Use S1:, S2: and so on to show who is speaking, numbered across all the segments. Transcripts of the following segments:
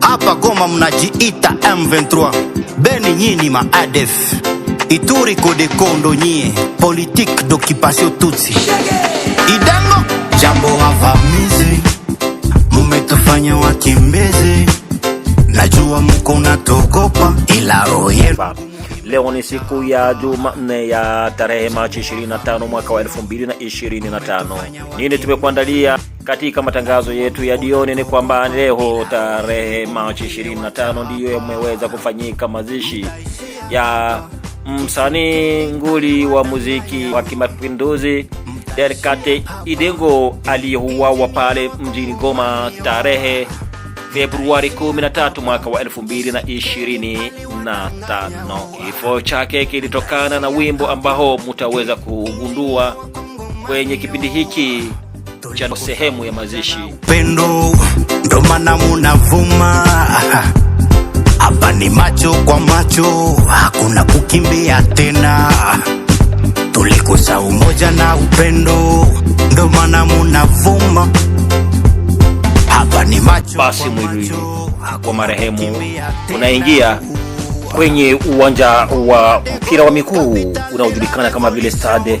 S1: Hapa Goma mnajiita M23, Beni nyini maadef ADF, Ituri Codeco ndo nyie politique d'occupation Tutsi. idengo jambo, wavamizi mumetufanya wakimbezi, najua muko natogopa ila roye
S2: Leo ni siku ya Jumanne ya tarehe Machi 25 mwaka wa 2025. Nini tumekuandalia? katika matangazo yetu ya jioni ni kwamba leo tarehe Machi 25 ndiyo yameweza kufanyika mazishi ya msanii nguli wa muziki wa kimapinduzi Derkate Idengo aliyeuawa pale mjini Goma tarehe Februari 13 mwaka wa 2025. Kifo chake kilitokana na wimbo ambao mutaweza kugundua kwenye kipindi hiki Chano sehemu ya mazishi.
S1: Pendo ndo maana munavuma hapa, ni macho kwa macho, hakuna kukimbia tena. Tulikosa umoja na upendo, ndo maana munavuma hapa, ni macho
S2: basi mwili kwa marehemu unaingia kwenye uwanja wa mpira wa miguu unaojulikana kama vile stade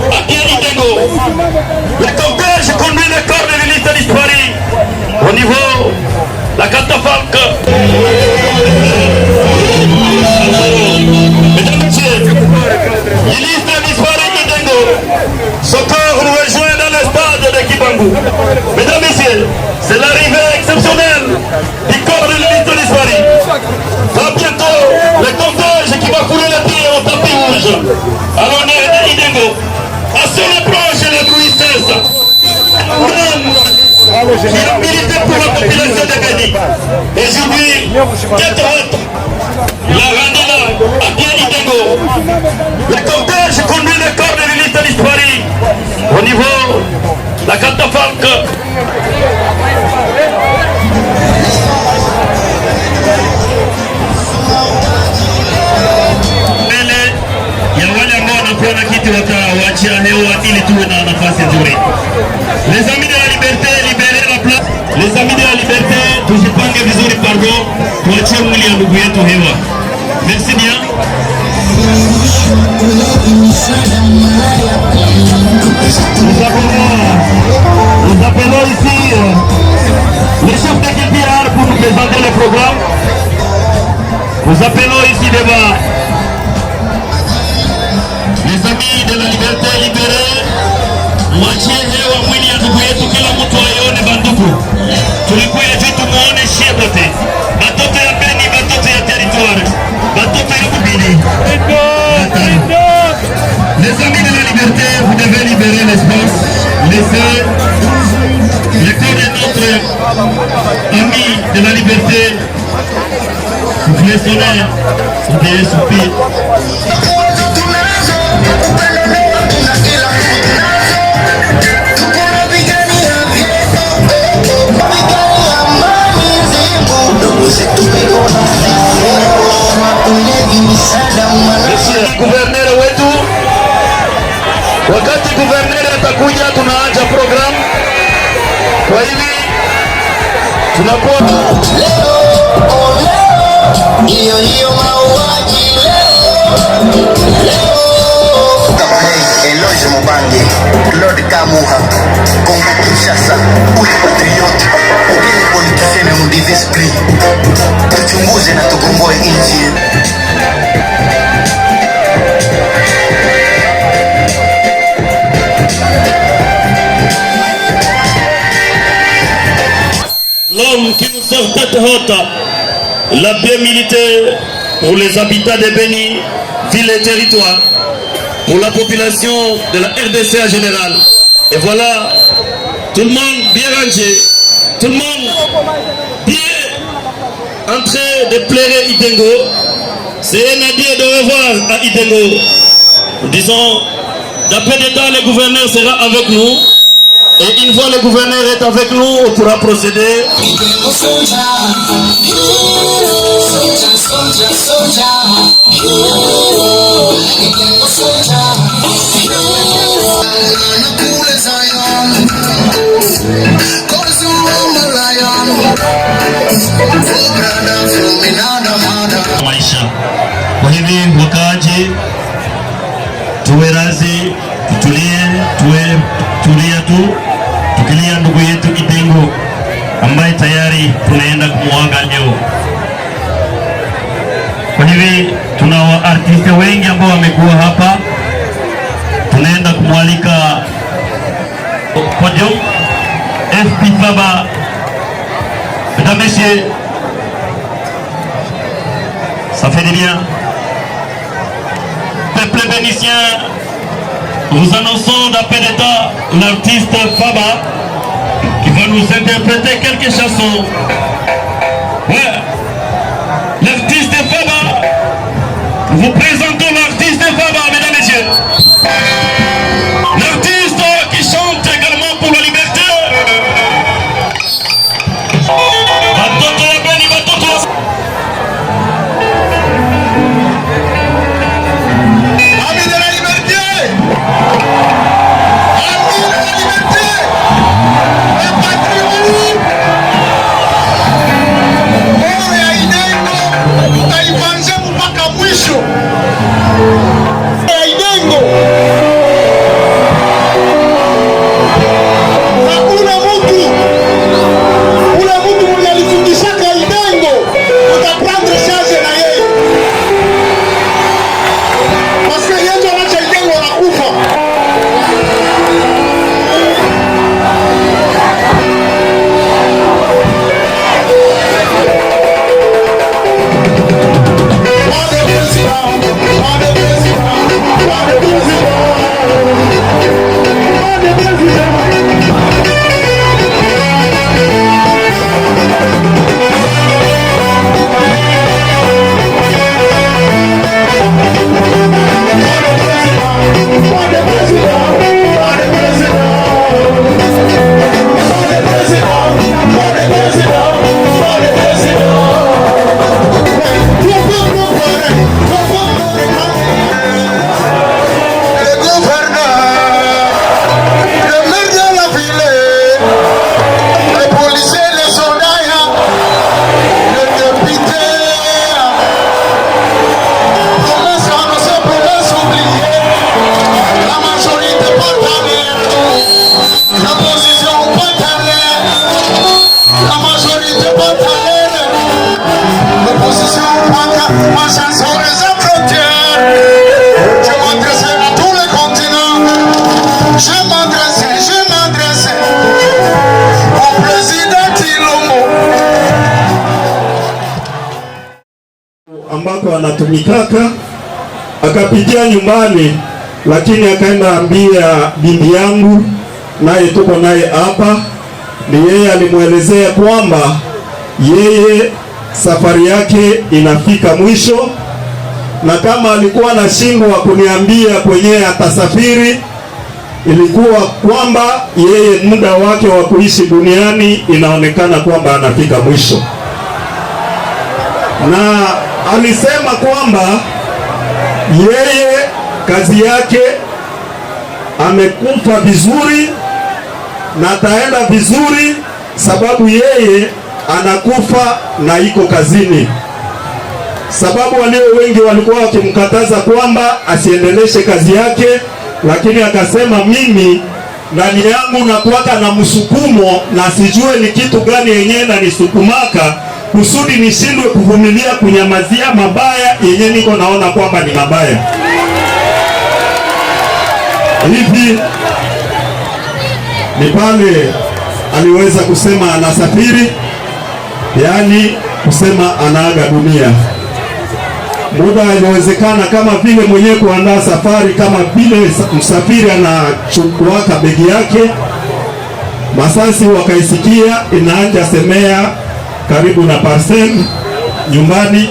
S3: Atieni tengo. La compère, je conduis le corps de l'élite disparu au niveau la catafalque. Mesdames et messieurs, l'élite de Tengo. Son corps nous rejoint dans le stade de Kibangu. get présenter le programme. Nous appelons ici devant les amis de la liberté libérée, wacheze wa mwili ya ndugu yetu, kila mtu aione bandugu, tulikuya juu tumuoneshe bote batoto ya Beni, batoto ya territoire, batoto ya Bubili. Les amis de la liberté, vous devez libérer l'espace, laisser liberté de notre ami de la liberté, le solaire, le O Governor wetu wakati governor atakuja, tunaacha programu Kwa hivi tunakuwa
S1: leo, oh leo, hiyo hiyo mauaji
S3: la bien militaire pour les habitants de Béni, ville et territoire, pour la population de la RDC en général. Et voilà, tout le monde bien rangé, tout le monde bien entré de plaire Idengo. C'est un adieu de revoir à Idengo. disons, d'après des temps, le gouverneur sera avec nous. Et une fois le gouverneur est avec nous, on pourra procéder. Tukilia ndugu yetu Kitengo ambaye tayari tunaenda kumwaga leo. Kwa hivi tuna waartiste wengi ambao wamekuwa hapa, tunaenda kumwalika Kodjo FP Baba Messieurs, ça fait du bien. Peuple vénitien, nous annonçons d'après d'État l'artiste Faba. qui va nous interpréter quelques chansons. Ouais. L'artiste Faba vous présente
S4: kunitaka akapitia nyumbani, lakini akaenda ambia bibi yangu, naye tuko naye hapa. Ni yeye alimwelezea kwamba yeye safari yake inafika mwisho, na kama alikuwa na shingwa kuniambia kwenye atasafiri, ilikuwa kwamba yeye muda wake wa kuishi duniani inaonekana kwamba anafika mwisho na alisema kwamba yeye kazi yake amekufa vizuri na ataenda vizuri, sababu yeye anakufa na iko kazini, sababu walio wengi walikuwa wakimkataza kwamba asiendeleshe kazi yake, lakini akasema mimi ndani yangu nakuwaka na msukumo na sijue ni kitu gani yenyewe nanisukumaka kusudi nishindwe kuvumilia kunyamazia mabaya yenye niko naona kwamba ni mabaya. Hivi ni pale aliweza kusema anasafiri, yaani kusema anaaga dunia. Muda aliwezekana kama vile mwenyewe kuandaa safari, kama vile msafiri anachukuaka begi yake. Masasi wakaisikia inaanja semea karibu na parcel nyumbani,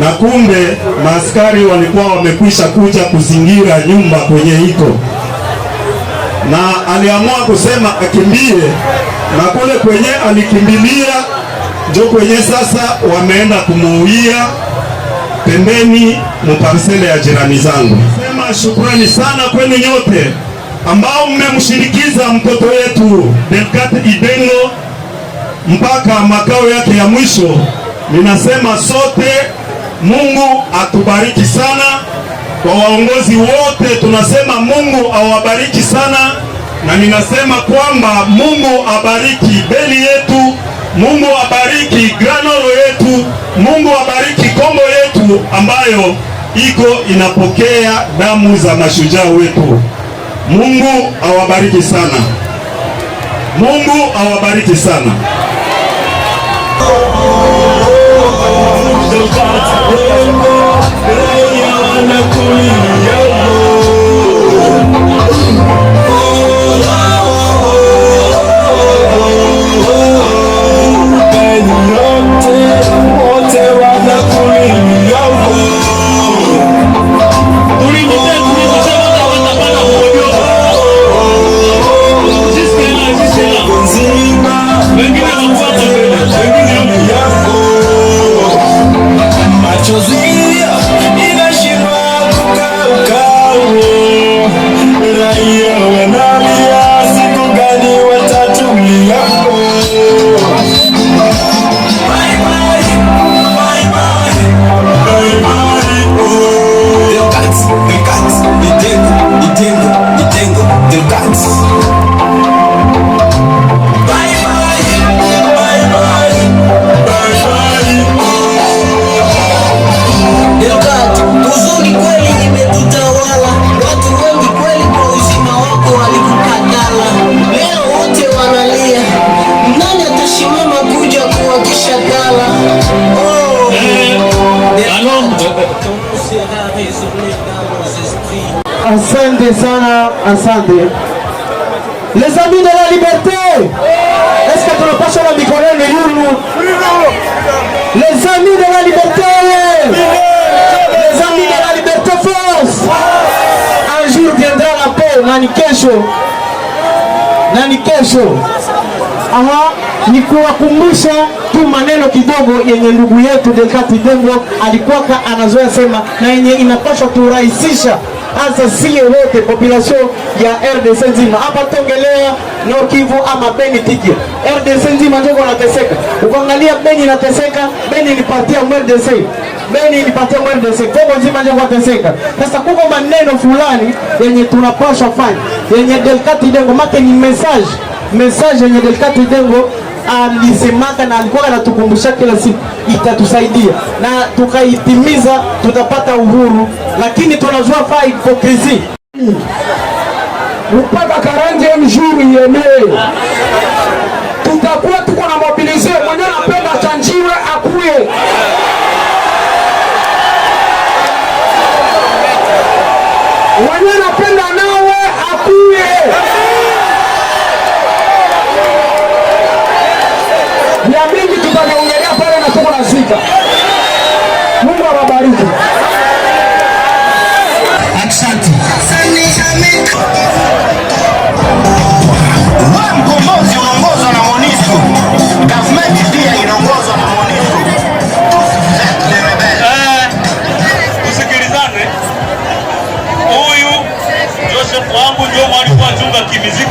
S4: na kumbe maaskari walikuwa wamekwisha kuja kuzingira nyumba kwenye iko, na aliamua kusema akimbie, na kule kwenye alikimbilia jo kwenye sasa wameenda kumuuia pembeni muparsele ya jirani zangu. Sema shukrani sana kwenu nyote ambao mmemshirikiza mtoto wetu Delcat Ibengo mpaka makao yake ya mwisho. Ninasema sote, Mungu atubariki sana. Kwa waongozi wote tunasema Mungu awabariki sana, na ninasema kwamba Mungu abariki Beli yetu, Mungu abariki Granolo yetu, Mungu abariki Kongo yetu ambayo iko inapokea damu za mashujaa wetu. Mungu awabariki sana. Mungu awabariki sana.
S1: Mungu, leo leo nakulia
S4: Bwana asante. Les amis de la liberté, est-ce que tunapasha na mikononi yenu? Les amis de la liberté, les amis de la liberté force. Un jour viendra la paix, na kesho, nani kesho. Aha, ni kuwakumbusha tu maneno kidogo yenye ndugu yetu Delcati Dembo alikuwa anazoea sema na yenye inapaswa turahisisha hasa sie wote population ya RDC nzima, hapa tongelea Nord Kivu ama Beni tiki. RDC nzima ndio wanateseka. Ukiangalia Beni inateseka, Beni ilipatia MRDC. Beni ilipatia MRDC. Kongo nzima ndio wanateseka. Sasa kuko maneno fulani yenye tunapaswa fanya, yenye Delcat Dengo mate ni message, message yenye Delcat Dengo alisemaka na alikuwa anatukumbusha kila siku, itatusaidia na tukaitimiza, tutapata uhuru, lakini tunajua faa hipokrisi mpaka karanje mzuri yenee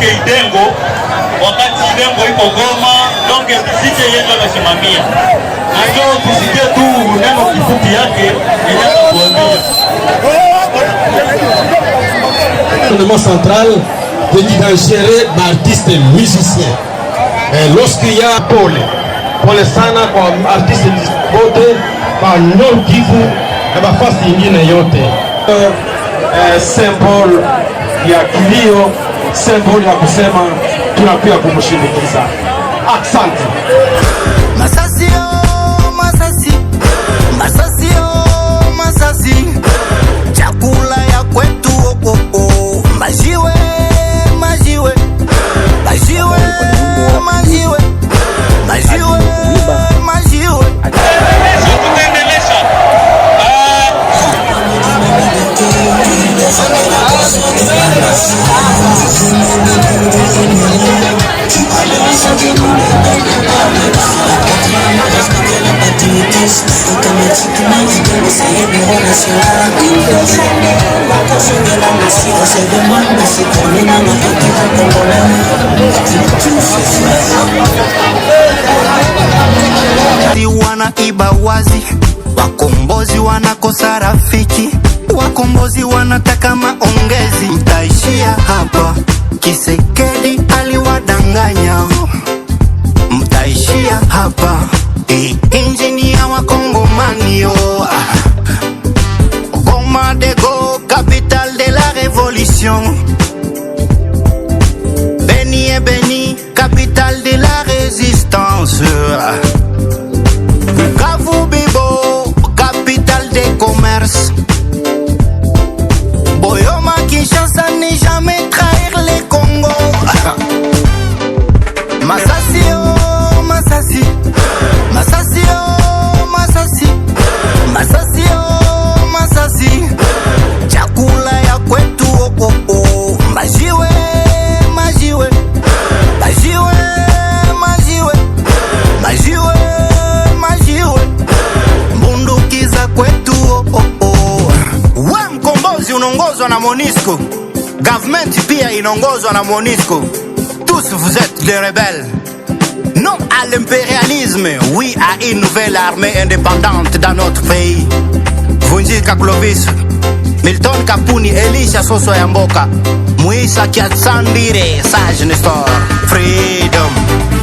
S3: ifike Idengo, wakati Idengo iko Goma, donc tusije yenda nasimamia na njoo tusikie tu neno kifupi yake yenye central de digangere maartiste musicien lorsqu'il y a pole pole sana kwa artiste bote kwa Nord Kivu na bafasi ingine yote euh, euh, symbole ya kilio sembuli ya kusema tunapia kumshinikiza. Asante.
S1: maongezi mtaishia hapa. Kisekedi aliwadanganya, mtaishia hapa. Congo wa Kongomanio Goma Dego, capitale de la révolution Beni et Beni, capitale de la résistance inaongozwa na Monisco. Government pia inaongozwa na Monisco. Tous vous êtes des rebelles. Non à l'impérialisme, oui à une nouvelle armée indépendante dans notre pays. Vunjika Clovis, Milton Kapuni, Elisha Soso Yamboka, Moïse Kiatsandire, Sage Nestor, Freedom.